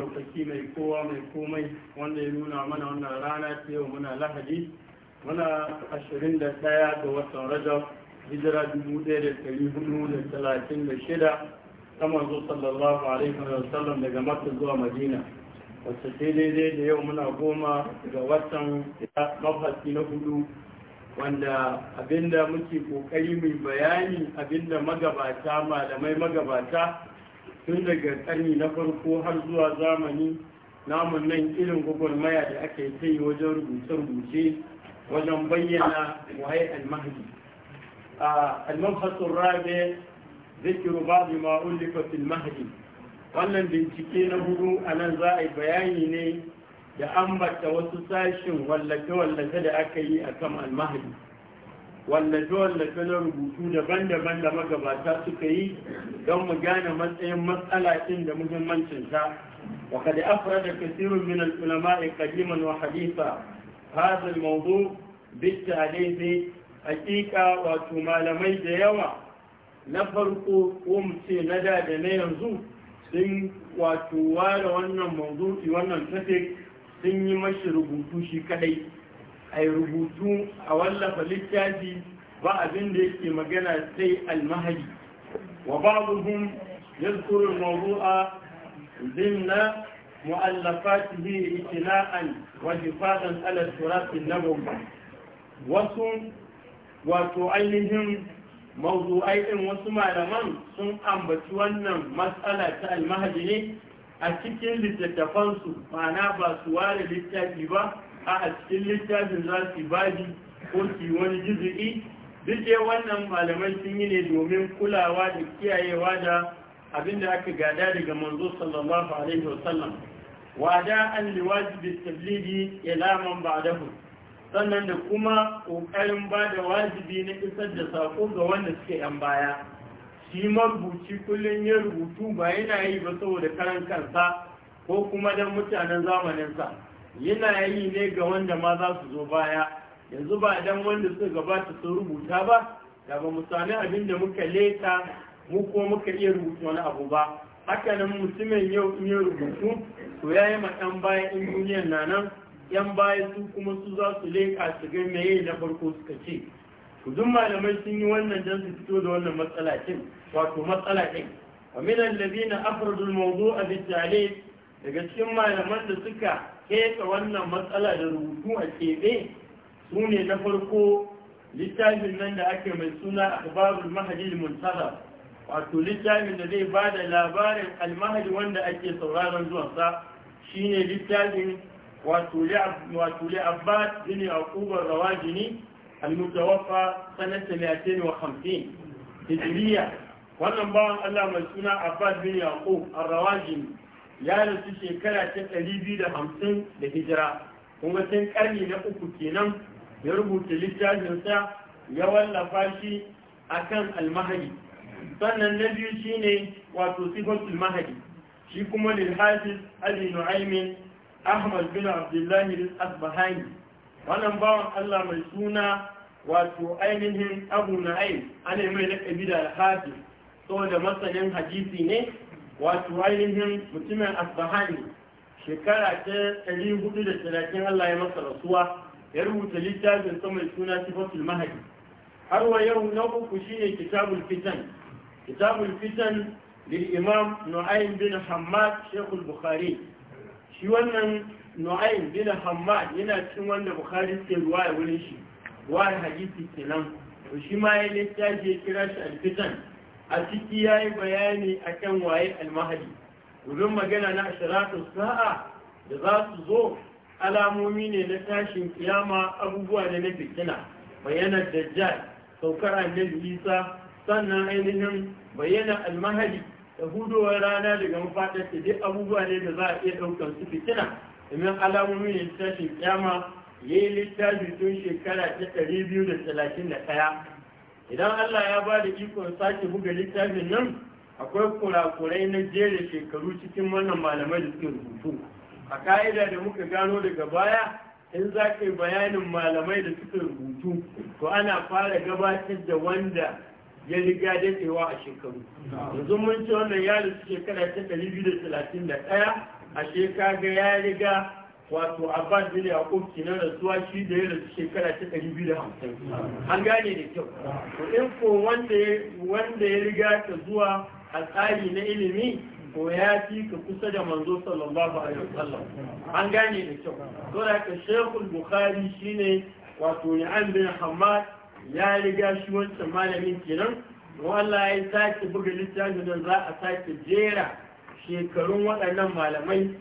ɗaukaki mai kowa mai komai wanda ya nuna mana wannan rana ta yau muna lahadi muna ashirin da ɗaya ga watan rajab hijira dubu ɗaya da ɗari hudu da talatin da shida ta manzo sallallahu alaihi wa sallam daga makka zuwa madina wacce ce daidai da yau muna goma ga watan mafasi na hudu wanda abinda muke kokari mai bayani abinda magabata malamai magabata tun daga karni na farko har zuwa zamani namun nan irin gwagwarmaya da aka yi ta yi wajen rubuce-rubuce wajen bayyana wahai almahdi almabhasun rabe zikiru babu ma'ulika likafin mahdi wannan bincike na hudu a nan za a yi bayani ne da ambata wasu sashin wallafe-wallafe da aka yi a kan almahdi wallafe-wallafe na rubutu daban-daban da magabata suka yi don mu gane matsayin matsala ɗin da muhimmancinta wa kada afra da kasirun min al-ulama qadiman wa haditha hadha al-mawdu bittalifi hakika wato malamai da yawa na farko ko ce na da da na yanzu sun wato ware wannan mawdu'i wannan topic sun yi mashi rubutu shi kadai a yi rubutu a wallafa littafi ba abin da yake magana sai almahadi wa babuhum yadhkuru al-mawdu'a dinna mu'allafatihi itina'an wa hifadan ala turath nabawi wasu wato ainihin mawdu'ai din wasu malaman sun ambaci wannan matsala ta almahadi ne a cikin littattafansu ma'ana ba su ware littafi ba a cikin littafin za su baji ko su wani jizi'i duk wannan malamai sun yi ne domin kulawa da kiyayewa da abin da aka gada daga manzo sallallahu alaihi wasallam wada an liwajibi tablidi ila man ba'dahu sannan da kuma kokarin ba da wajibi na isar da sako ga wanda suke yan baya shi marubuci kullum ya rubutu ba yana yi ba saboda karan kansa ko kuma don mutanen zamaninsa yana yi ne ga wanda ma za su zo baya yanzu ba idan wanda suka gabata sun rubuta ba da ba mu sami abin da muka leta mu ko muka iya rubuta wani abu ba Hakanan nan mutumin yau in ya rubutu to ya yi matan baya in duniyan na nan yan baya su kuma su za su leka su ga meye na farko suka ce Kudin malamai sun yi wannan don su fito da wannan matsala wato matsala din wa min alladhina afradu daga cikin malaman da suka keta wannan matsala da rubutu a keɓe su ne na farko littafin nan da ake mai suna babin mahadi muntara wato littafin da zai ba da labarin almahadi wanda ake sauraron zuwansa ne littafin wato jini a bin yaqubar rawajini almutawaffa sanata hamsin hijiriya wannan bawan Allah mai suna abbas bin yaqub ar-rawajini ya rasu shekara ta ɗari biyu da hamsin da hijira kuma tun ƙarni na uku kenan ya rubuta littafinsa ya wallafa shi a kan almahadi sannan na biyu shine wato sifatul mahadi shi kuma lilhafiz abi nu'aymin ahmad bin abdullahi al-asbahani wannan bawan Allah mai suna wato ainihin abu na'im ana mai na kabila al saboda masanin hadisi ne wato ainihin mutumin asbahani shekara ta talatin Allah ya masa rasuwa ya rubuta littafin sa mai suna sifatul mahadi har wa yau na uku shine kitabul fitan kitabul fitan lil imam nu'aym bin hammad shaykhul bukhari shi wannan nu'aym bin hammad yana cikin wanda bukhari ke ruwaya wurin shi ruwaya hadisi kenan to shi ma ya littafi ya kira shi al-fitan a ciki ya yi bayani a kan waye almahadi wurin magana na ashiratun sa'a da za su zo alamomi ne na tashin kiyama abubuwa da na fitina bayanar dajjal saukar annabi isa sannan ainihin bayyana almahadi da hudowar rana daga mafaɗar ta duk abubuwa ne da za a iya ɗaukar su fitina domin alamomi ne tashin kiyama ya yi littafi tun shekara ta ɗari biyu da talatin da ɗaya idan Allah ya ba da ikon sake buga littafin nan akwai kurakurai na jere shekaru cikin wannan malamai da suke rubutu a ka'ida da muka gano daga baya in za ka bayanin malamai da suka rubutu to ana fara gabatar da wanda ya riga daɗewa a shekaru yanzu mun ci wannan yaro shekara ta 231 a shekara ya riga wato abban bin yaqub kinan rasuwa shi da ya rasu shekara ta 250 an gane da kyau to in ko wanda wanda ya riga ka zuwa a tsari na ilimi ko ya fi ka kusa da manzo sallallahu alaihi wasallam an gane da kyau to da ka shekul bukhari shine wato an bin hamad ya riga shi wancan malamin kenan wallahi ya sake buga littafin da za a sake jera shekarun waɗannan malamai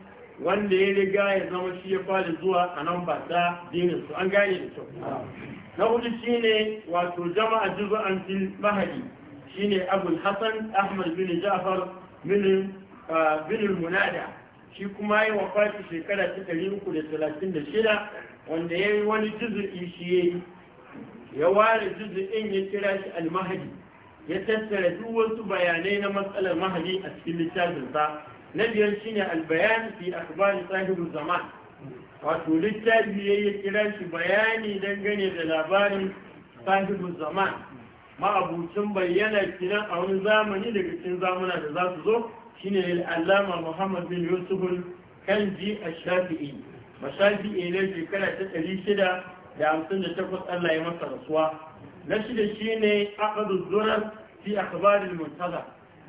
wanda ya riga ya zama shi ya fara zuwa a nan ba ta dinin su an gane da kyau na hudu shine wato jama'a an fil mahadi shine abul hasan ahmad bin ja'far bin ah, munada shi kuma ya wafati shekara ta 336 wanda yayi wani juz'i shi yi ya ware juzu'in ya kira shi al mahadi ya tattara duk wasu bayanai na matsalar mahadi a cikin littafinsa na biyar ne albayan fi akhbari sahibu zaman wato littafi ya yi kira shi bayani dangane da labarin sahibu zaman ma'abucin bayyana kiran a wani zamani daga cikin zamuna da za su zo shine alama muhammad bin yusuf kan ji a shafi'i mashafi'i ne shekara ta ɗari shida da hamsin da takwas allah ya masa rasuwa na shida ne akadu zurar fi akhbarin murtala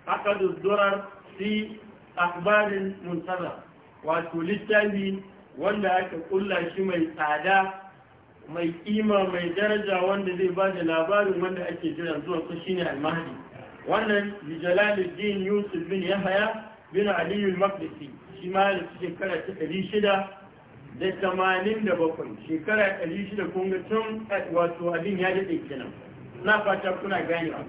akadu zurar fi akbarin muntara wato littafi wanda aka kulla shi mai tsada mai kima mai daraja wanda zai ba da labarin wanda ake jiran zuwa ko shine almahdi wannan jalaluddin yusuf bin yahaya bin aliyu maqdisi shi ma da shekara ta ɗari shida da tamanin da bakwai shekara ɗari shida kun ga tun wato abin ya daɗe kenan na fata kuna ganewa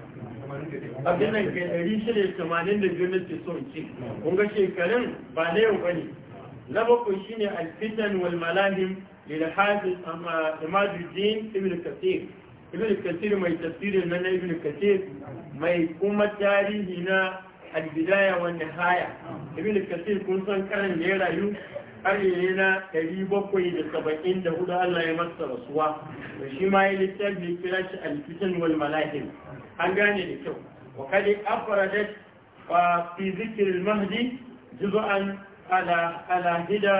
abin nan ga ɗari shida da tamanin da biyu na ce son ce kun ga shekarun ba na yau ba ne na bakwai shi ne alfitan wal malahim amma imaduddin ibn kasir ibn kasir mai tafsirin na ibn kasir mai kuma tarihi na albidaya wa nihaya ibn kasir kun san karan da ya rayu arewa na hudu Allah ya masa rasuwa da shi ma ya littafi kira shi alfitan wal malahim an gane da kyau wa kadi afradat fa fi zikr al-mahdi juz'an ala ala hida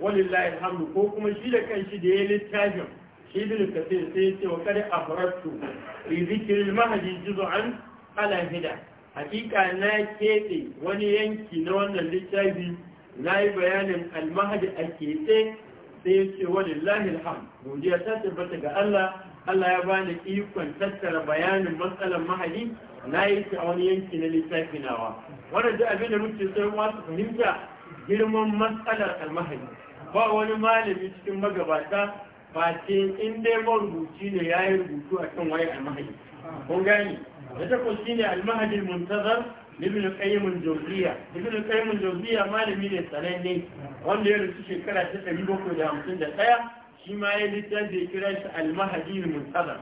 walillahi alhamdu ko kuma shi da kanshi da ya littafin shi ibn kasir sai ya ce wa kadi afradtu fi zikr al-mahdi juz'an ala hida hakika na keɓe wani yanki na wannan littafi na yi bayanin almahadi a keɓe sai ya ce walillahi alhamdu godiya ta tabbata ga Allah Allah ya bani ikon tattara bayanin matsalar mahali na yi shi a wani yanki na littafi nawa wannan duk abin da muke sai ma su fahimta girman matsalar almahali ba wani malami cikin magabata ba ce in dai marubuci ne ya yi rubutu a kan waye almahali kun gani da ta shi ne almahali muntazar ibn qayyim jawziya ibn qayyim jawziya malami ne sananne wanda ya rasu shekara ta 751 shi ma ya littafi ya kira shi almahadi muntazar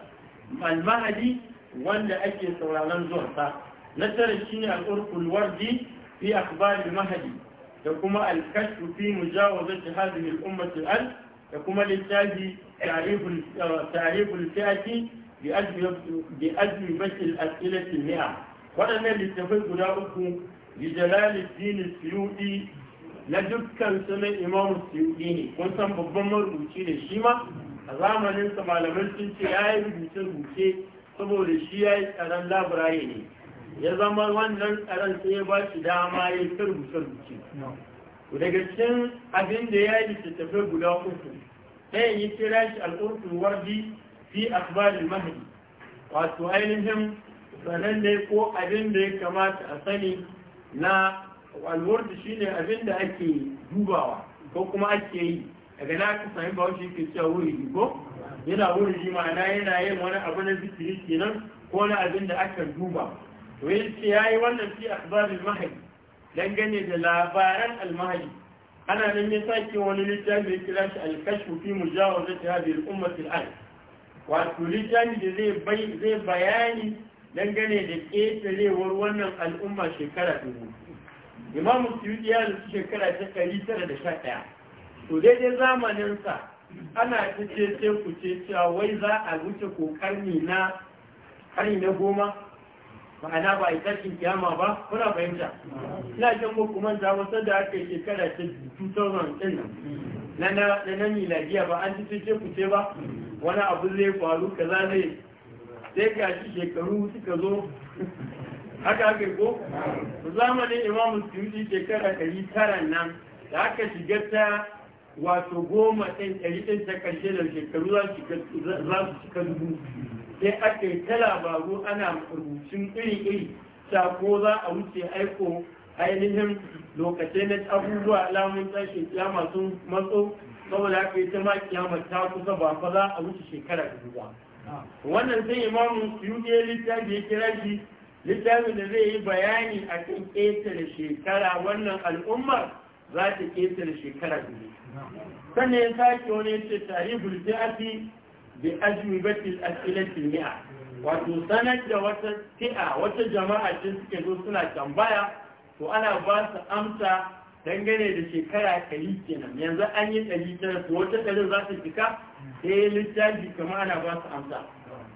almahadi wanda ake sauraron zuwansa na tara shi ne al'urkul wardi fi mahadi da kuma al-kashf fi mujawazat hadhihi al-ummah al da kuma littafi tarihul eh, tarihul bi ajmi bi bashil as'ilati mia waɗannan littafai guda uku li jalal ad na dukkan sunan imamu suyuɗi ne kun san babban marubuci ne shi ma a zamanin sa malaman sun ce ya yi rubuce rubuce saboda shi ya yi tsaron labirai ne ya zama wannan tsaron sai ya ba shi dama ya yi rubuce rubuce daga cikin abin da ya yi littattafai guda uku ɗayan ya kira shi al'urtu wardi fi akbarin mahadi wato ainihin sanan ne ko abin da ya kamata a sani na alwurdu shine abin da ake dubawa ko kuma ake yi daga na ka sami ba shi ke cewa wuri ko yana wuri ji ma'ana yana yin wani abu na zikiri kenan ko na abin da aka duba to ya yi wannan fi akhbaril mahdi dangane da labaran almahdi ana nan ya sake wani littafi ya kira shi al-kashfu fi mujawazati hadhihi al-ummati al-an wato littafi da zai bai zai bayani dangane da ketarewar wannan al'umma shekara dubu imamu suyuti ya rasu shekara ta ɗari tara da sha ɗaya to daidai zamaninsa ana ta ce ce ku ce cewa wai za a wuce ko karni na karni na goma ma'ana ba a yi tashin kiyama ba kuna fahimta ina jan ba kuma za wasu da aka yi shekara ta 2000 na na miladiya ba an ci ce ku ce ba wani abu zai faru kaza zai sai ga shi shekaru suka zo haka ake ko zamanin imamu suyuti shekara ɗari tara nan da aka shiga ta wato goma ɗin ɗari ɗin ta ƙarshe da shekaru za su cika dubu sai aka yi ta labaru ana rubutun iri-iri sako za a wuce aiko ainihin lokacin na abubuwa alamun tashin kiyama sun matso saboda aka yi ta ma kiyama ta kusa ba fa za a wuce shekara dubu ba wannan sai imamu suyuti ya littafi ya kira shi littafin da zai yi bayani a kan ƙetare shekara wannan al'ummar za ta ƙetare shekara biyu sannan ya sake wani ce tarihul fi'ati bi ajwibatil as'ilatil mi'a wato sanar da wata ti'a wata jama'a ce suke zo suna tambaya to ana ba su amsa dangane da shekara kari kenan yanzu an yi ɗari tara to wata ɗari za ta fika sai littafi kamar ana ba su amsa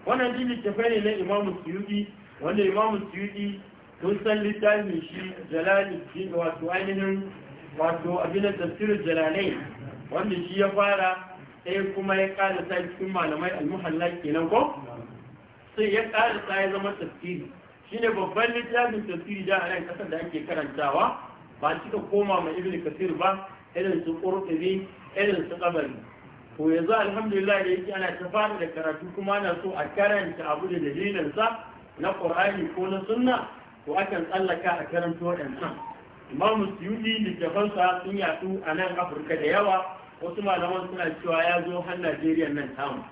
wannan jini tafai ne na imamu suyuɗi wanda imamu tuyi tun san littafin shi jalali wato ainihin wato abin da tafsirin jalalai wanda shi ya fara sai kuma ya karasa cikin malamai almuhalla kenan ko sai ya karasa ya zama tafsiri shine babban littafin tafsiri da a kasar da ake karantawa ba cika koma mai ibn kasir ba irin su qurtubi irin su qabari to yanzu alhamdulillah da yake ana ta fara da karatu kuma ana so a karanta abu da dalilin sa na ƙur'ani ko na sunna ko akan tsallaka a karanta waɗannan imam suyuti littafansa sun yatsu a nan afirka da yawa wasu malaman suna cewa ya zo har najeriya nan tamu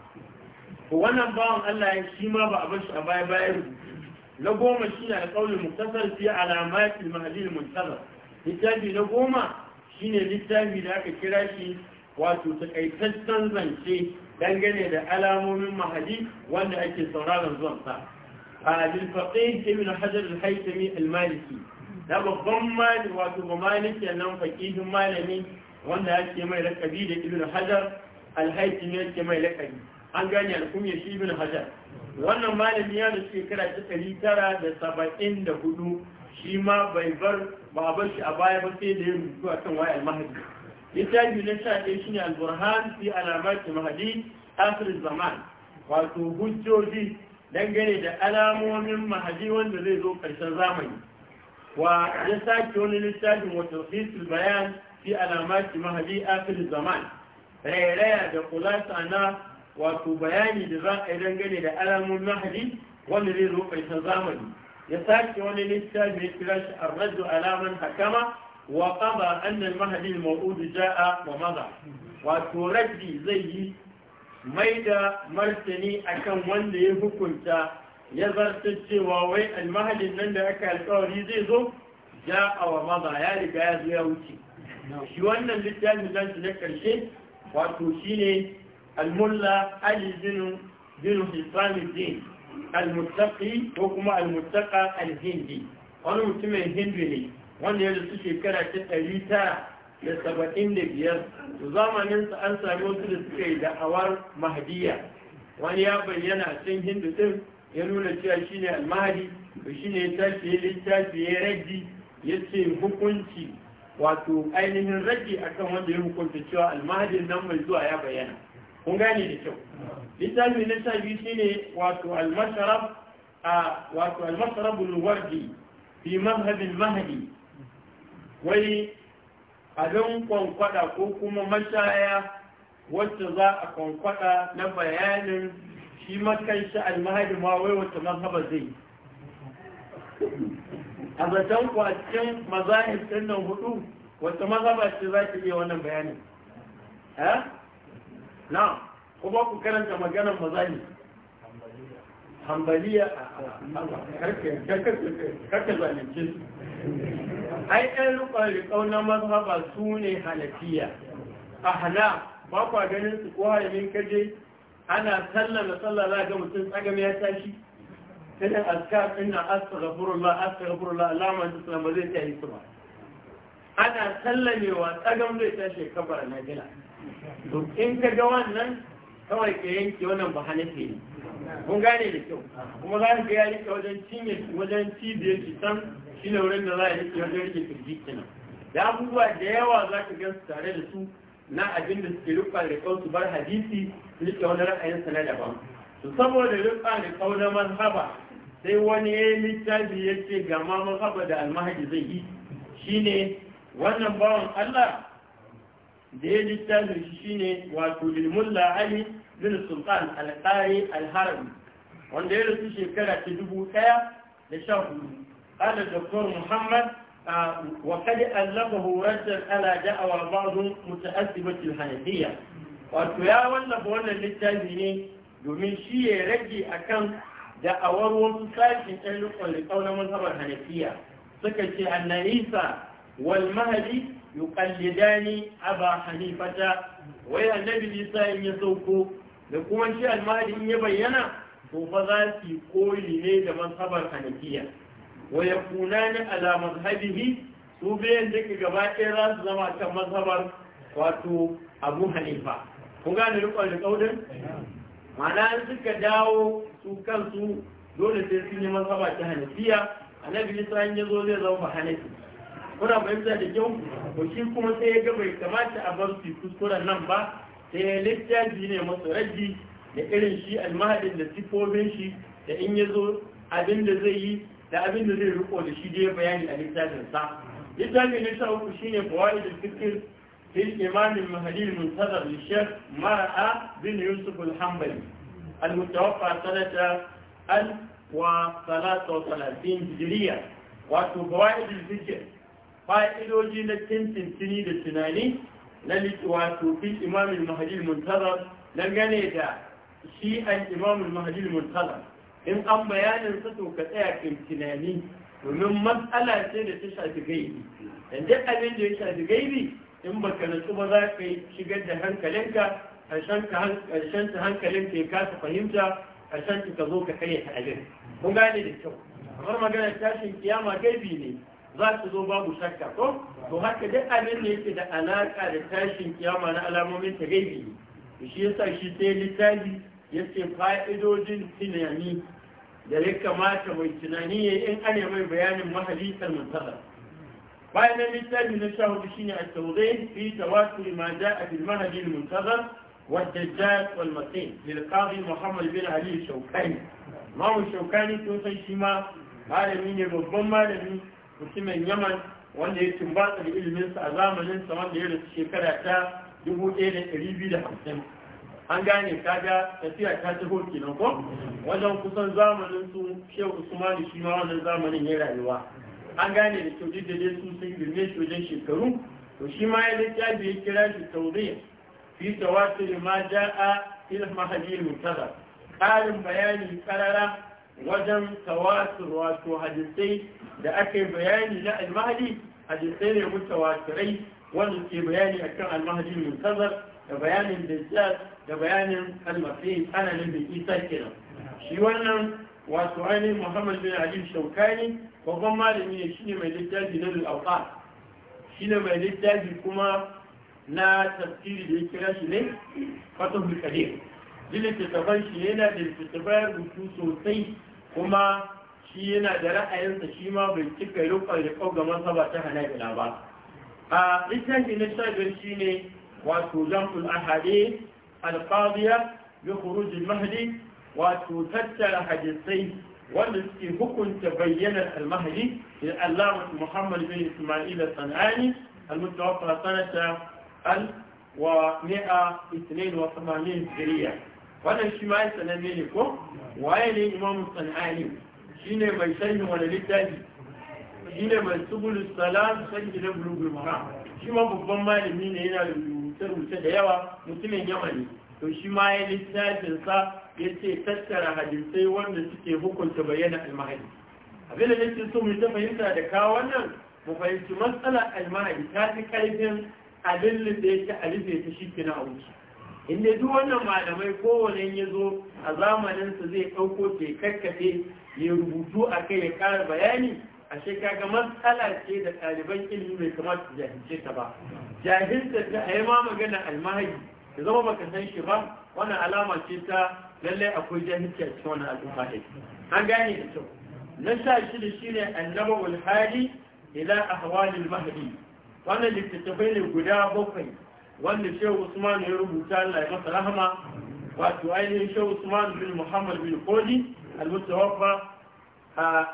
wannan bawan allah ya shi ma ba a bar shi a baya baya rubutu na goma shi na da ƙaunin muktasar fi alamatin mahadin muntazar littafi na goma shine littafi da aka kira shi wato takaitaccen zance dangane da alamomin mahadi wanda ake sauraron zuwansa للفقيه ابن حجر الهيثمي المالكي da babban mali wato ba ke nan fakihin malami wanda yake mai lakabi da ibn hajar al-haythimi yake mai lakabi an gane al-kumya shi ibn hajar wannan malami ya nufi shekara ta ɗari tara da saba'in da hudu shi ma bai bar ba bar shi a baya ba sai da ya rubutu a kan wayar mahadi littafi na sha ɗaya shine al-burhan fi alamati mahadi akhir zaman wato hujjoji dangane da alamomin mahadi wanda zai zo ƙarshen zamani wa ya sake wani littafin wata fisil bayan fi alamati mahadi afil zaman rairaya da kulasa na wato bayani da za a yi dangane da alamomin mahadi wanda zai zo ƙarshen zamani ya sake wani littafin ya kira shi arraddu alaman hakama wa kama anna al-mahdi jaa wa maza? wato raddi zai yi mai da martani akan wanda ya hukunta ya zarta cewa wai almahadin nan da aka alkawari zai zo ja a wa maza ya riga ya zo ya wuce shi wannan littafin nan na karshe wato shine almulla ali bin bin hisamuddin almuttaqi ko kuma almuttaqa alhindi wani mutumin hindu ne wanda ya rasu shekara ta ɗari tara da saba'in da biyar zamaninsa an sami wasu da suka yi da'awar mahadiya wani ya bayyana a can hindu din ya nuna cewa shi ne almahadi to shi ya tashi ya littafi ya raji ya ce hukunci wato ainihin raji akan wanda ya hukunta cewa almahadi nan mai zuwa ya bayyana kun gane da kyau littafi na sha biyu shine wato almasharaf a wato almasharabul wardi fi mahadi wai abin kwankwada ko kuma mashaya wacce za a kwankwada na bayanin shi makanshi almahadi ma wai wata mazhaba zai a zaton ku a cikin mazahib nan hudu wata mazhaba ce za ta iya wannan bayanin eh na kuma ku karanta maganar mazahib hambaliya a karfe karfe karfe zalunci ai ɗan rikon rikau na mazhaba su ne halittiya. a hana ba kwa ganin su ko haramin kaje ana sallah na sallah za ga mutum tsagam ya tashi Kada askar ina astaghfirullah astaghfirullah alama ta sallah ba zai tashi su ba ana sallamewa tsagam zai tashi kabar na gina. to in ka ga wannan kawai ka yanke wannan ba hana ke ne kun gane da kyau kuma za ka ga ya rike wajen cinye wajen cibiyar shi san shi ne wurin da za a rike wajen rike kirji kenan da abubuwa da yawa za ka gan su tare da su na abin da suke rufa da kau su bar hadisi su rike wani ra'ayin sa na daban to saboda rufa da kau na mazhaba sai wani ya yi littafi ya ce ga mazhaba da almahadi zai yi shine wannan bawan Allah da ya littafin shi shine wato lilmulla Ali bin Sultan al-Qari al-Harbi wanda ya rasu shekara ta dubu ɗaya da sha hudu قال الدكتور محمد وقد ألفه رجل على دعوى بعض متأسبة الحنفية وتيا ولف ولا ne domin shi ya rage akan da'awar wasu sashen ɗan rikon mazhabar hanafiya suka ce anna isa wal mahadi yuqallidani aba hanifata wai annabi isa in ya sauko da kuma shi al in ya bayyana to fa za ne da mazhabar hanafiya wa ya kuna ni alamar hadihi su bayan duka gaba ɗaya za su zama kan mazhabar wato abu hanifa kun gane rikon da ƙaudin mana suka dawo su kansu dole sai sun yi mazhaba ta hanafiya annabi isa in ya zo zai zama hanafi kuna fahimta da kyau ko shi kuma sai ya ga bai kamata a bar su kuskuren nan ba sai ya littafi ne masu raji da irin shi almahadin da sifofin shi da in ya zo abin da zai yi da abin da zai riko da shi dai bayani a littafin sa littafin ne sha uku shine fawaid al-fikr fil iman al-mahdi al muntazar li shaykh mar'a bin yusuf al-hanbali al-mutawaffa sanata al wa salatu wa salatin hijriya wato fawaid al-fikr fa'idoji na tintin tini da tunani na wato fil iman al-mahdi al-muntazir dangane da shi al-imam al-mahdi al muntazar in an bayanin sa to ka tsaya kintinani domin matsala ce da ta shafi gaibi dan duk abin da ya shafi gaibi in baka nutsu ba za ka shigar da hankalinka ƙarshen ta hankalinka ya kasa fahimta ƙarshen ta ka zo ka karya ta abin kun gane da kyau kamar magana tashin kiyama gaibi ne za su zo babu shakka ko to haka duk abin da yake da alaƙa da tashin kiyama na alamomin ta gaibi ne shi yasa shi sai littafi yace fa'idojin tunani da ya kamata mai tunani ya in ana mai bayanin mahalisar mutala bayan na littafi na sha hudu shine a taurai fi tawatur ma ja'a bil mahalil muntazar والدجال والمسيح للقاضي محمد بن علي الشوكاني ما هو الشوكاني توسن شما malami ne babban malami mutumin yaman wanda ya tumbatsa da iliminsa a zamaninsa wanda ya rasu shekara ta 1250 an gane kaga tafiya ta taho kenan ko wajen kusan zamanin su shehu usmani shi ma wannan zamanin ya rayuwa an gane da kyau duk da dai su sun girme shi wajen shekaru to shi ma ya littafi ya kira shi tauriya fi tawasul ma ja'a fil mahadi mutaza ƙarin bayani karara wajen tawasul wato hadisai da aka yi bayani na almahadi hadisai ne mutawatirai wanda ke bayani akan almahadi mutazar da bayanin da da bayanin almasi tsananin bin isa kenan shi wannan wato ainihin muhammad bin ali shaukani babban malami ne shine mai littafi na lulauka shine mai littafi kuma na tafsiri da ya kira shi ne fatahul kadir littattafan shi yana da littattafan rubutu sosai kuma shi yana da ra'ayinsa shi ma bai cika rukun da kauga masa ba ta hanabila ba a littafi na shagar shi ne wato jam'ul ahade alƙaziya bi khurujil mahdi wato tattara hadisai wanda suke hukunta bayyanar almahdi da Allah Muhammad bin Isma'il Sanani al-mutawaffa sanata al wa mi'a isnin wa samanin hijriya wannan shi ma sananne ne ko waye ne Imam Sanani shine mai sharhi wani littafi shine mai subul salam sharhi da bulugul maram shi ma babban malami ne yana da rubuce da yawa mutumin ne to shi ma ya sa ya ce tattara hadisai wanda suke hukunta bayyana almahadi abin da nake so mu ta fahimta da kawo wannan mu fahimci matsalar almahadi ta fi karfin abin da ya ci alife ta shi kina a wuce inda duk wannan malamai kowane ya zo a zamaninsa zai ɗauko ce ya rubutu a kai ya ƙara bayani ashe kaga matsala ce da ɗaliban ilimi bai kamata su jahilce ta ba jahilta ta a yi ma magana almahari da zama baka san shi ba wannan alama ce ta lallai akwai jahilci a cikin wannan al'umma ɗin an gane da kyau na sha shida shine annaba wal hali ila ahwalil mahdi wannan littattafai ne guda bakwai wanda shehu usman ya rubuta Allah ya masa rahama wato ainihin shehu usman bin muhammad bin kodi al-mutawaffa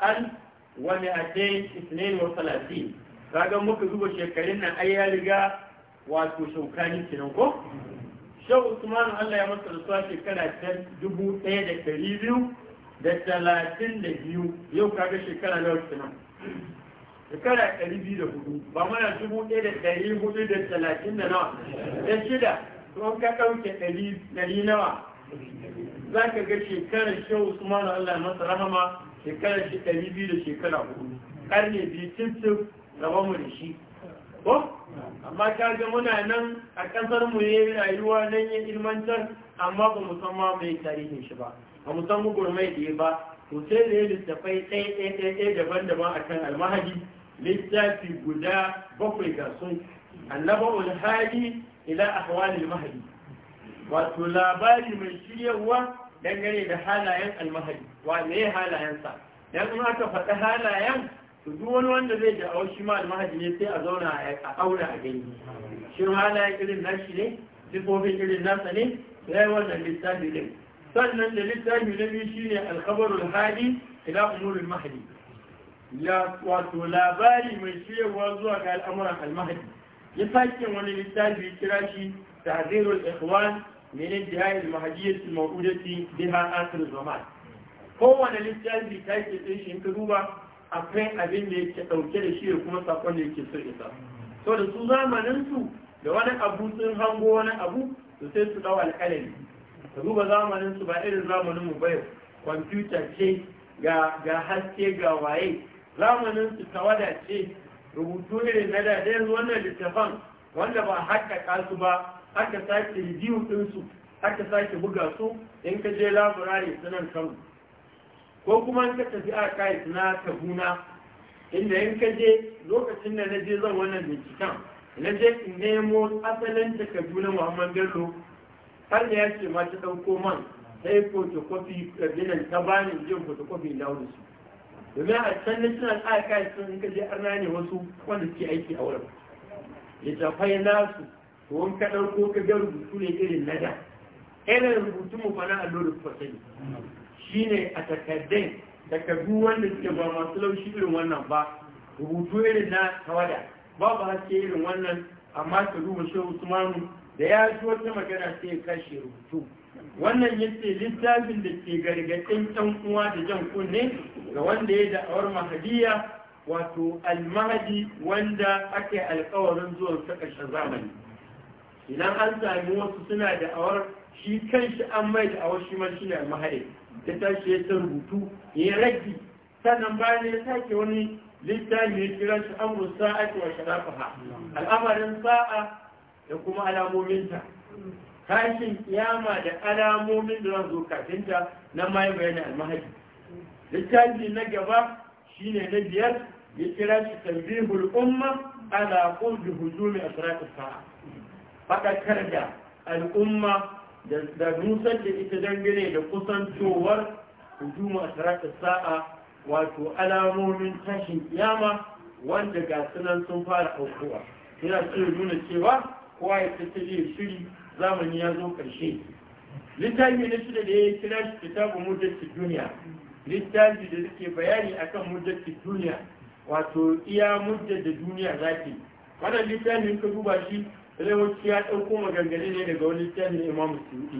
an wa mi'atain isnain wa salatin kaga muka zuba shekarun nan ai ya riga wato shaukani kenan ko shehu usman Allah ya masa rasuwa shekara ta dubu ɗaya da ɗari biyu da talatin da biyu yau kaga shekara nawa kenan shekara ɗari biyu da hudu ba mana dubu ɗaya da ɗari hudu da talatin da nawa da shida to ka ɗauke ɗari nawa za ka ga shekarar shehu usman Allah ya masa rahama Shekara shi ɗari biyu da shekara hudu ƙarni biyu cincin gaban mu da shi ko amma ta ga muna nan a ƙasar mu ne rayuwa nan ya ilmantar amma ba mu san ma mai tarihin shi ba ba mu san gurmai da ya ba to sai da ya littafai ɗaya ɗaya ɗaya daban-daban a kan almahadi littafi guda bakwai ga sun annaba hali ila ahwalil mahadi wato labari mai shiryarwa dangane da halayen almahadi wa me halayensa dan in aka faɗi halayen su duk wani wanda zai ji a shi ma almahadi ne sai a zauna a aure a gani shin halayen irin nashi ne sifofin irin nasa ne sai wannan littafi din sannan da littafi na biyu shine alkhabarul hadi ila umurul mahdi wato labari mai shirya zuwa ga al'amuran almahadi ya sake wani littafi kira shi tahzirul ikhwan min intihai al-mahdiyyah al-mawdudati biha akhir zaman kowane littafi ta yake tsin shi ka duba akwai abin da yake dauke da shi da kuma sakon da yake so isa so da su zamanin su da wani abu sun hango wani abu to sai su dau alƙalami ka duba zamanin su ba irin zamanin mu ba kwamfuta ce ga haske ga waye zamanin su tawada ce rubutu irin na da yanzu wannan littafan wanda ba haƙaƙa su ba aka sake review ɗinsu aka sake buga su in ka je laburare sanan kan ko kuma in ka tafi archives na kaduna inda in ka je lokacin da na je zan wannan binciken na je in nemo asalin takardu na muhammad bello har da ya ce ma ta ɗauko man ta yi fotokofi kabinan ta bani jin fotokofi na wani su domin a can national archives sun ka je arna ne wasu wanda suke aiki a wurin littafai nasu wani ka ɗauko ka ga rubutu ne irin na da irin rubutu mu na allo da fasali shine a takardun bi wanda suke ba masu laushi irin wannan ba rubutu irin na tawada babu haske irin wannan amma ka duba shi usmanu da ya ci wata magana sai ya kashe rubutu wannan ya ce littafin da ke gargaɗin ɗan uwa da jan kunne ga wanda ya da'awar mahadiya wato almahadi wanda aka yi alkawarin zuwan ta ƙarshen zamani idan an sami wasu suna da awar shi kan shi an mai da awar shi man shi mahare ta tashi ya san rubutu ya rage sannan bayan ya sake wani littafi ya kira shi amru sa'ati wa sharafaha al'amarin sa'a da kuma alamominta kashin kiyama da alamomin da zan zo kafinta na mai bayanin almahadi littafi na gaba shine na biyar ya kira shi tambihul umma ala qurbi hujumi asrati sa'a faɗakar da al'umma da nusar da ita dangane da kusantowar hujuma a sa'a wato alamomin tashin kiyama wanda ga sunan sun fara aukuwa yana so nuna cewa kowa ya zai shiri zamani ya zo ƙarshe littafi na shida da ya kira shi kitabun muddatti duniya littafi da suke bayani akan muddatti duniya wato iya muddar da duniya za ta yi wannan ka duba shi Ilimuci ya ɗauko maganganu ne daga wani littafin Imam Suyuti.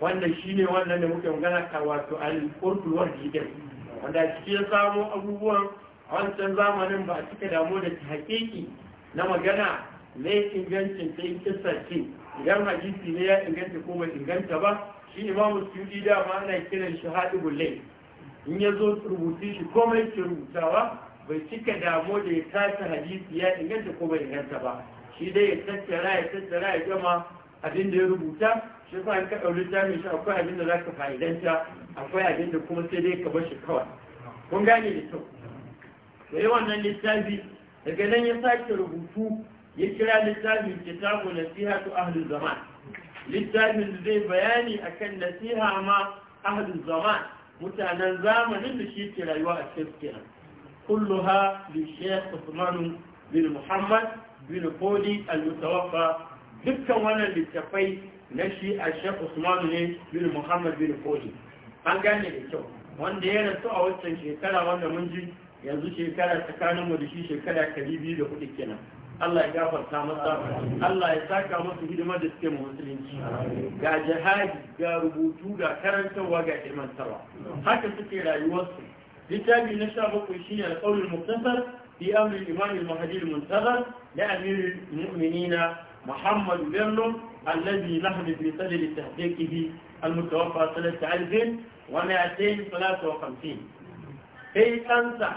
wanda shi ne wannan da muke magana a wato al-Qurtul Wajidan. Wanda a ciki ya samo abubuwan a wancan zamanin ba a cika damu da hakiki na magana yi ingancin ta yi kisa Idan hadisi ne ya inganta ko bai inganta ba, shi Imam da dama ana kiran shi haɗibul lai. In ya zo rubutu shi komai ke rubutawa bai cika damu da ya tashi hadisi ya inganta ko bai inganta ba. shi dai ya tattara ya tattara ya gama abin da ya rubuta shi yasa ka ɗau littafin shi akwai abin da zaka fa'idanta akwai abin da kuma sai dai ka bar shi kawai kun gane da kyau to yi wannan littafi daga nan ya sake rubutu ya kira littafin kitabu nasiha tu ahlul zaman littafin da zai bayani akan nasiha ma ahlul zaman mutanen zamanin da shi ke rayuwa a cikin kullu kulluha li shaykh Usman bin Muhammad bin fodi al-mutawaffa dukkan wannan littafai na shi a shek usman ne bin muhammad bin fodi an gane da kyau wanda ya rasu a wancan shekara wanda mun ji yanzu shekara tsakanin mu da shi shekara kari biyu da hudu kenan Allah ya gafarta masa Allah ya saka masu hidimar da suke musulunci ga jihadi ga rubutu ga karantarwa ga ilmantarwa haka suke rayuwarsu littafi na sha bakwai shine alƙawarin muktasar في أمر الإمام المهدي المنتظر لأمير المؤمنين محمد بن الذي نحن في صدر تحقيقه المتوفى سنة 1253 sai kansa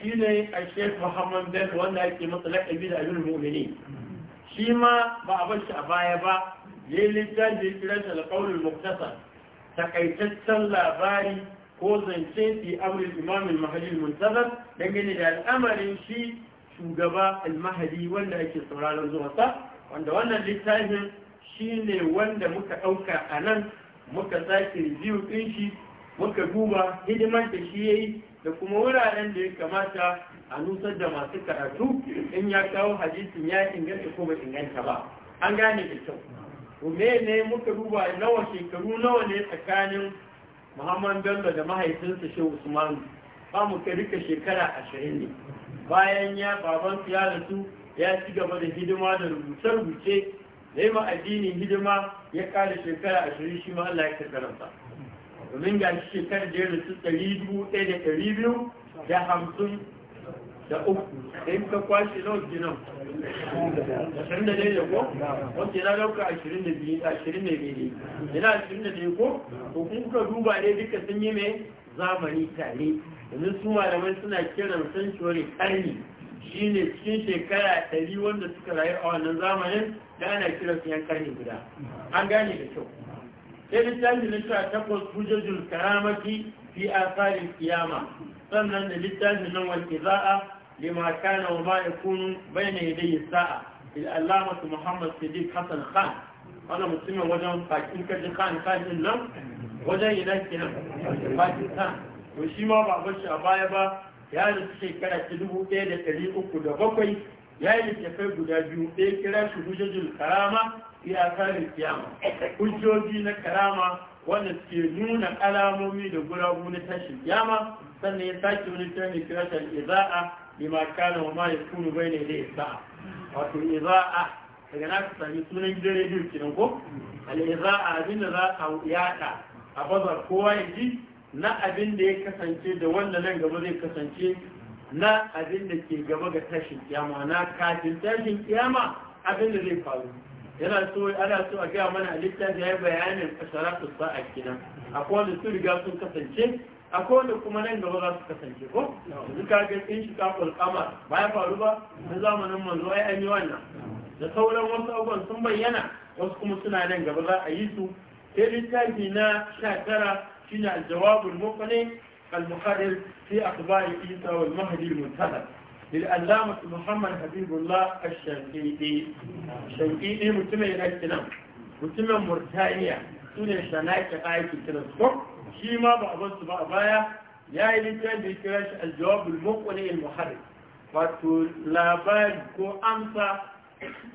shi ne a shek muhammad bello wanda ake masa lakabi da abin mu'mini shi ma ba a bashi a baya ba ya yi littafi kiran shi muktasa takaitaccen labari ko zance fi amrin imamin mahali muntazar dangane da al'amarin shi shugaba al-mahali wanda ake sauraron zuwansa wanda wannan littafin shine wanda muka ɗauka a nan muka sake review ɗin shi muka duba hidimar da shi yayi da kuma wuraren da ya kamata a nusar da masu karatu in ya kawo hadisin ya inganta ko ba inganta ba an gane da kyau to me ne muka duba nawa shekaru nawa ne tsakanin muhammad bello da mahaifinsa shi usman ba mu ka duka shekara ashirin ne bayan ya baban su ya rasu ya ci gaba da hidima da rubuce-rubuce da yi addinin hidima ya kare shekara ashirin shi ma Allah ya karanta domin ga shekarar da ya rasu ɗari biyu da ɗari biyu da hamsin da uku da yi ka kwashe nawa da ashirin da ɗaya ko wacce na ɗauka ashirin da biyu da biyu yana ashirin da ɗaya ko ko kun kuka duba dai duka sun yi mai zamani tare yanzu su malamai suna kiran sanctuary shi shine cikin shekara ɗari wanda suka rayu a wannan zamanin da ana kiran su yan karni guda an gane da kyau sai littafi na sha takwas hujjajul karamaki fi asarin kiyama sannan da littafin nan za a لما كان وما يكون بين يدي الساعة الألامة محمد صديق حسن خان أنا مسلم وجن فاكين كجن خان خان إنم وجن إليك إنم باكستان وشيما بعبش أبايبا يا رسي كلا تدبو إيدي تليقو كدبوكي يا لتفاي قدابيو إيه كلا شبوجج الكرامة في آثار القيامة كل جوجين الكرامة wanda suke nuna alamomi da gurabu na tashin yama sannan ya sake wani tarihi kirashar iza'a bima kana wa ma yakunu bayna yadayhi sa'a wato iza'a daga na ka sami sunan gidan rediyo kenan ko al iza'a abinda za a yada a bazar kowa ya ji na abin da ya kasance da wanda nan gaba zai kasance na abin da ke gaba ga tashin kiyama na kafin tashin kiyama abin da zai faru yana so ana so a gaya mana a littafi ya yi bayanin asharatu sa'a kenan akwai wanda su riga sun kasance akwai wanda kuma nan gaba za su kasance ko yanzu ga in shi kafin kama ba ya faru ba na zamanin manzo ai an yi wannan da sauran wasu abubuwan sun bayyana wasu kuma suna nan gaba za a yi su sai littafi na sha tara shine aljawabul muqni al-muqarrir fi akhbar isa wal mahdi al-muntazar للعلامة محمد حبيب الله الشنقيطي الشنقيطي متمين هكذا mutumin murtaniya su ne shanaki aiki kiran su shi ma ba a bar su ba a baya ya yi littafin da ya kira shi aljawabul muqni al muharrik wato labari ko amsa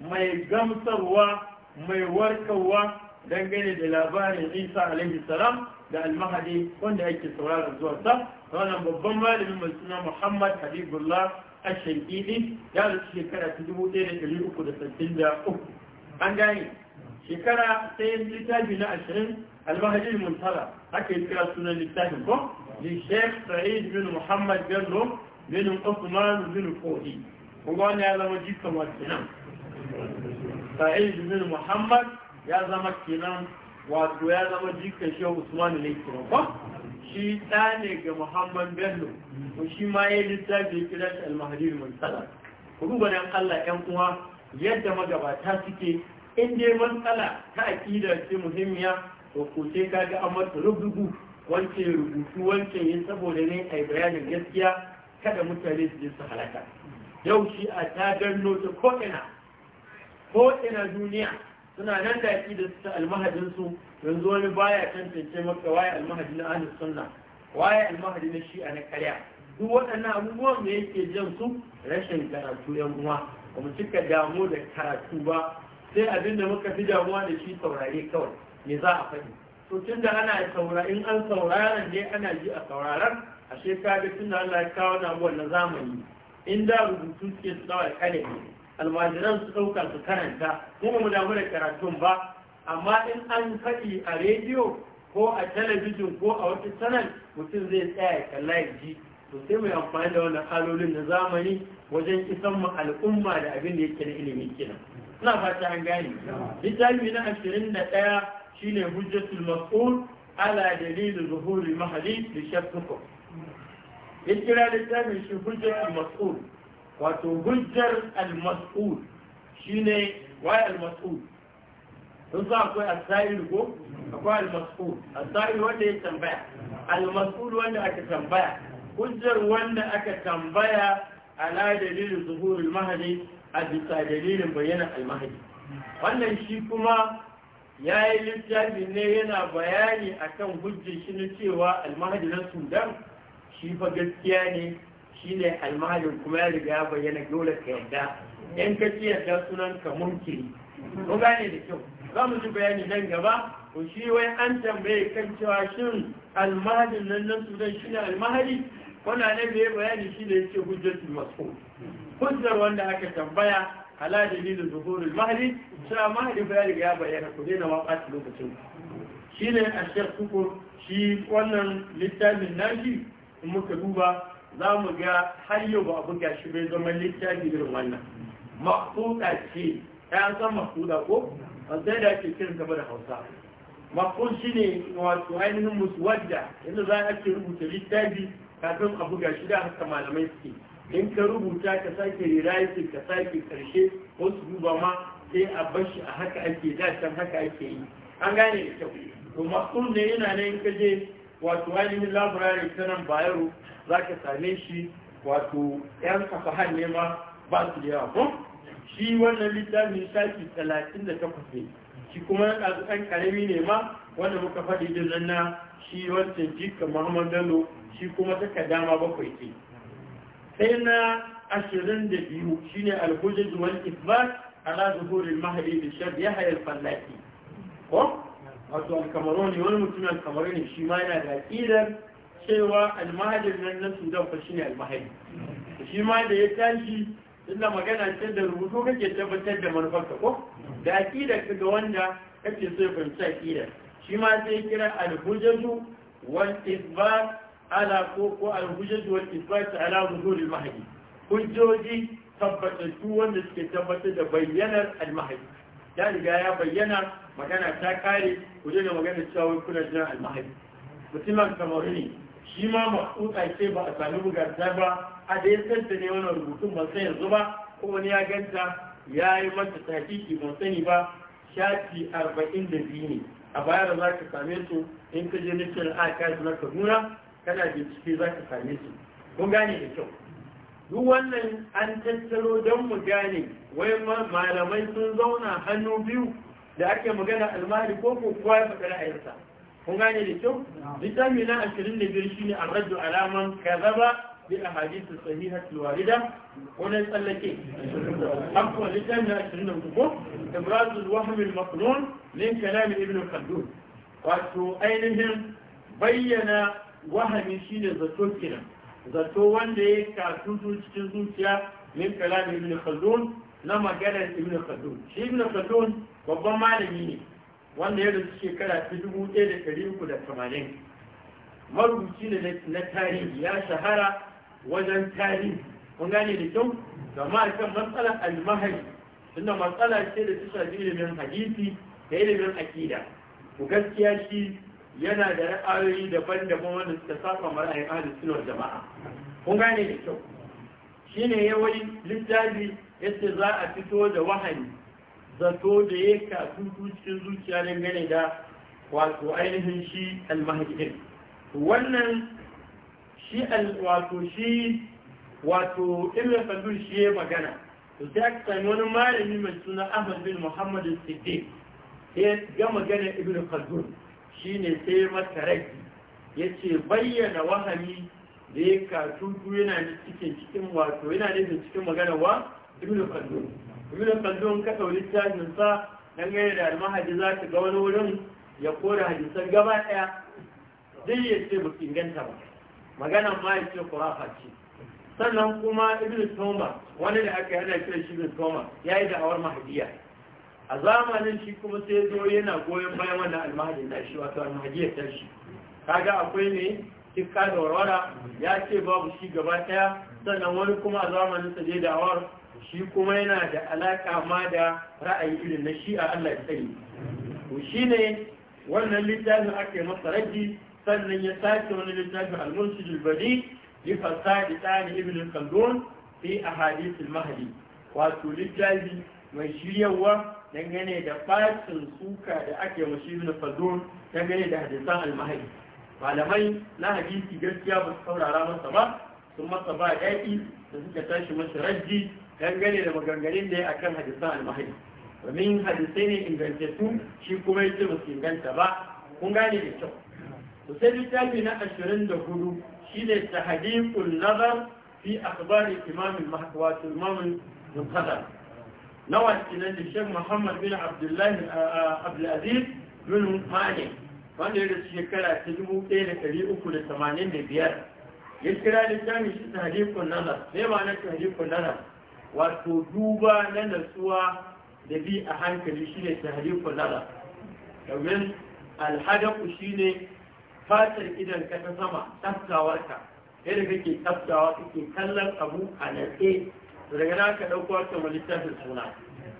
mai gamsarwa mai warkarwa dangane da labarin Isa alaihi salam da almahadi wanda yake saurara zuwa sa wannan babban malamin mai suna Muhammad Habibullah Ash-Shaykili ya rasu shekara ta dubu da da uku uku. an gane shekara sai littafi na ashirin. المهدي المنطلع حكي كلا سنة لتاهمكم للشيخ سعيد بن محمد بن بن عثمان بن فوهي وقال يا لما جيت كما كنان سعيد بن محمد يا زما كنان wato ya zama jikin shi Usman ne ba shi ɗa ne ga Muhammad Bello ko shi ma ya littafi kira al dan Allah ƴan uwa yadda magabata suke in dai matsala ta aƙida ce muhimmiya to ko sai ka ga an rubutu wance rubutu wance yin saboda ne ai bayanin gaskiya kada mutane su je su halaka yau shi a ta ganno ta ko duniya suna nan da ki da su almahadin su yanzu wani baya tantance maka waye almahadi na ahlus sunna waye almahadi na shi'a na karya duk waɗannan abubuwan da yake jan su rashin karatu yan uwa ba mu cika damu da karatu ba sai abinda muka fi damuwa da shi saurare kawai me za a faɗi to tun da ana saura in an saurara ne ana ji a sauraron a shekara tun da Allah ya kawo na wannan zamani in da rubutu suke su dawa kalami almajiran su dauka su karanta ko mu damu da karatun ba amma in an faɗi a rediyo ko a talabijin ko a wata sanar mutum zai tsaya kalla ya ji to sai mai amfani da wannan halolin na zamani wajen isan mu al'umma da abin da yake na ilimi kina ina fata an gane littafi na ashirin da ɗaya shine hujjatul mas'ul ala dalil zuhuri mahali li shakkukum ikira littafin shi hujjatul mas'ul wato hujjar al-mas'ul shine wai al-mas'ul sun sa akwai asa'il ko akwai al-mas'ul asa'il wanda ya tambaya al-mas'ul wanda aka tambaya hujjar wanda aka tambaya ala dalilin zuhurul mahalli a bisa dalilin bayyana al mahalli wannan shi kuma ya yi littafi ne yana bayani akan hujjar shi na cewa almahadi na sudan shi fa gaskiya ne shi ne almahadin kuma ya riga bayyana dole ka yarda yan ka ci yarda sunan ka munkiri ko gane da kyau za mu ji bayani nan gaba ko shi wai an tambaye kan cewa shin almahadin nan na sudan shi ne almahadi na ne bayani shi ne ya ce masu mas'ud hujjar wanda aka tambaya ala dalilin zuhurul mahali cewa mahali fa ya riga ya bayyana ku daina ma ɓata lokacin shi ne a shek kuku shi wannan littafin nashi in muka duba za mu ga har yau ba a buga shi bai zama littafi irin wannan maƙuda ce ya san maƙuda ko ba zai da ake kiran gaba da hausa maƙud shi ne wato ainihin musu wadda inda za a ake rubuta littafi kafin a buga shi da haka malamai suke in ka rubuta ka sake rewriting ka sake karshe wasu duba ma sai a bashi a haka ake da can haka ake yi an gane da kyau to masul ne yana ne in ka je wato ainihin laburare ta nan bayero za ka same shi wato yan kafahan ne ma ba su da yawa ko shi wannan littafin shafi talatin da takwas ne shi kuma ɗazu ɗan ƙarami ne ma wanda muka faɗi din nan na shi wancan jika muhammad bello shi kuma takarda dama bakwai ce sai na ashirin da biyu shine al-hujjaj wal isbat ala zuhur al-mahdi shar yahya fallaki ko wato al wani mutum al-kamaroni shi ma yana da aqidar cewa al nan na Sudan fa shine al-mahdi shi ma da ya tashi inda magana ce da rubutu kake tabbatar da manufarka ko da aqidar ka ga wanda kake so ya fahimci aqidar shi ma sai kira al-hujjaj wal ala ko ko al-hujjaj wal isbat ala zuhur al hujjoji tabbatattu wanda suke tabbatar da bayyanar al ya riga ya bayyana magana ta kare ku da magana cewa kuna jiran al mutumin kamaru ne shi ma makuta ce ba a sami bugarta ba a da ya santa ne wannan rubutun ban san yanzu ba ko wani ya ganta ya yi mata tahqiqi ban sani ba shafi arba'in da biyu ne a baya da za ka same su in ka je nufin a na kaduna kana bincike za ka same su kun gane da kyau duk wannan an tattaro don mu gane wai malamai sun zauna hannu biyu da ake magana almahari ko ko kowa ya faɗi ra'ayinsa kun gane da kyau littafi na ashirin da biyar shine an raddu alaman kazaba bi ahadith sahihat alwarida wannan tsallake amma littafi na ashirin da hudu ibradu alwahm almaqnun min kalam ibn khaldun wato ainihin bayyana wahami shine zato kenan zato wanda ya kasu cikin zuciya min kalam ibn khaldun na maganar ibn khaldun shi ibn khaldun babban malami ne wanda ya rasu shekara ta dubu ɗaya da ɗari uku da tamanin marubuci ne na tarihi ya shahara wajen tarihi kun gane da kyau gama kan matsalar almahari tunda matsala ce da ta shafi ilimin hadisi da ilimin akida ku gaskiya shi yana da ra'ayoyi daban-daban wanda suka saba mara'ayin ahli sunna jama'a kun gane da kyau shine wani littafi yace za a fito da wahani zato da ya kafu cikin zuciya gane da wato ainihin shi al-mahdi wannan shi al' wato shi wato ibn fadul shi ya magana to sai aka sami wani malami mai suna ahmad bin muhammad siddiq ya ga magana ibn fadul shine sai masa rai yace bayyana wahami da ya katu yana cikin cikin wato yana nufin cikin magana wa ibn khaldun ibn khaldun ka tauri tajin sa dan gane da almahadi za ka ga wani wurin ya kore hadisan gaba ɗaya dai yace ba inganta ba magana ma ya ce kurafa ce sannan kuma ibn toma wani da aka ana kira shi ibn toma ya yi da'awar mahadiya a zamanin shi kuma sai zo yana goyon bayan wannan almahadin shi wato almahadiyar tashi kaga akwai ne tikka da warwara ya ce babu shi gaba ɗaya sannan wani kuma a zamanin sa dai dawar shi kuma yana da alaka ma da ra'ayi irin na shi a Allah ya tsari to shine wannan littafin ake masa raji sannan ya sace wani littafin al-murshid al-badi li fasadi ibn khaldun fi ahadith al-mahdi wato littafi mai shiryawa dangane da bacin suka da ake wa shi ibn fazul dangane da hadisan al-mahdi malamai na hadisi gaskiya ba su saurara masa ba sun masa ba daɗi da suka tashi masa rajji dangane da maganganun da ya akan hadisan al-mahdi domin hadisai ne ingantattu shi kuma ya ce su inganta ba kun gane da kyau to sai littafi na ashirin da hudu shi ne tahadiqul nazar fi akhbar imam al-mahdi wa imam al nawa kenan da Muhammad bin Abdullah Abdul Aziz Mani wanda ya rasu shekara ta dubu ɗaya da ɗari uku da tamanin da biyar ya kira littafin shi tahrifun nazar ne ma na tahrifun nazar wato duba na nasuwa da bi a hankali shi ne tahrifun nazar domin alhadaku shi ne fatar idan ka ta sama tsaftawarka yadda kake tsaftawa kake kallon abu a natse daga nan aka ɗauko aka ma littafin suna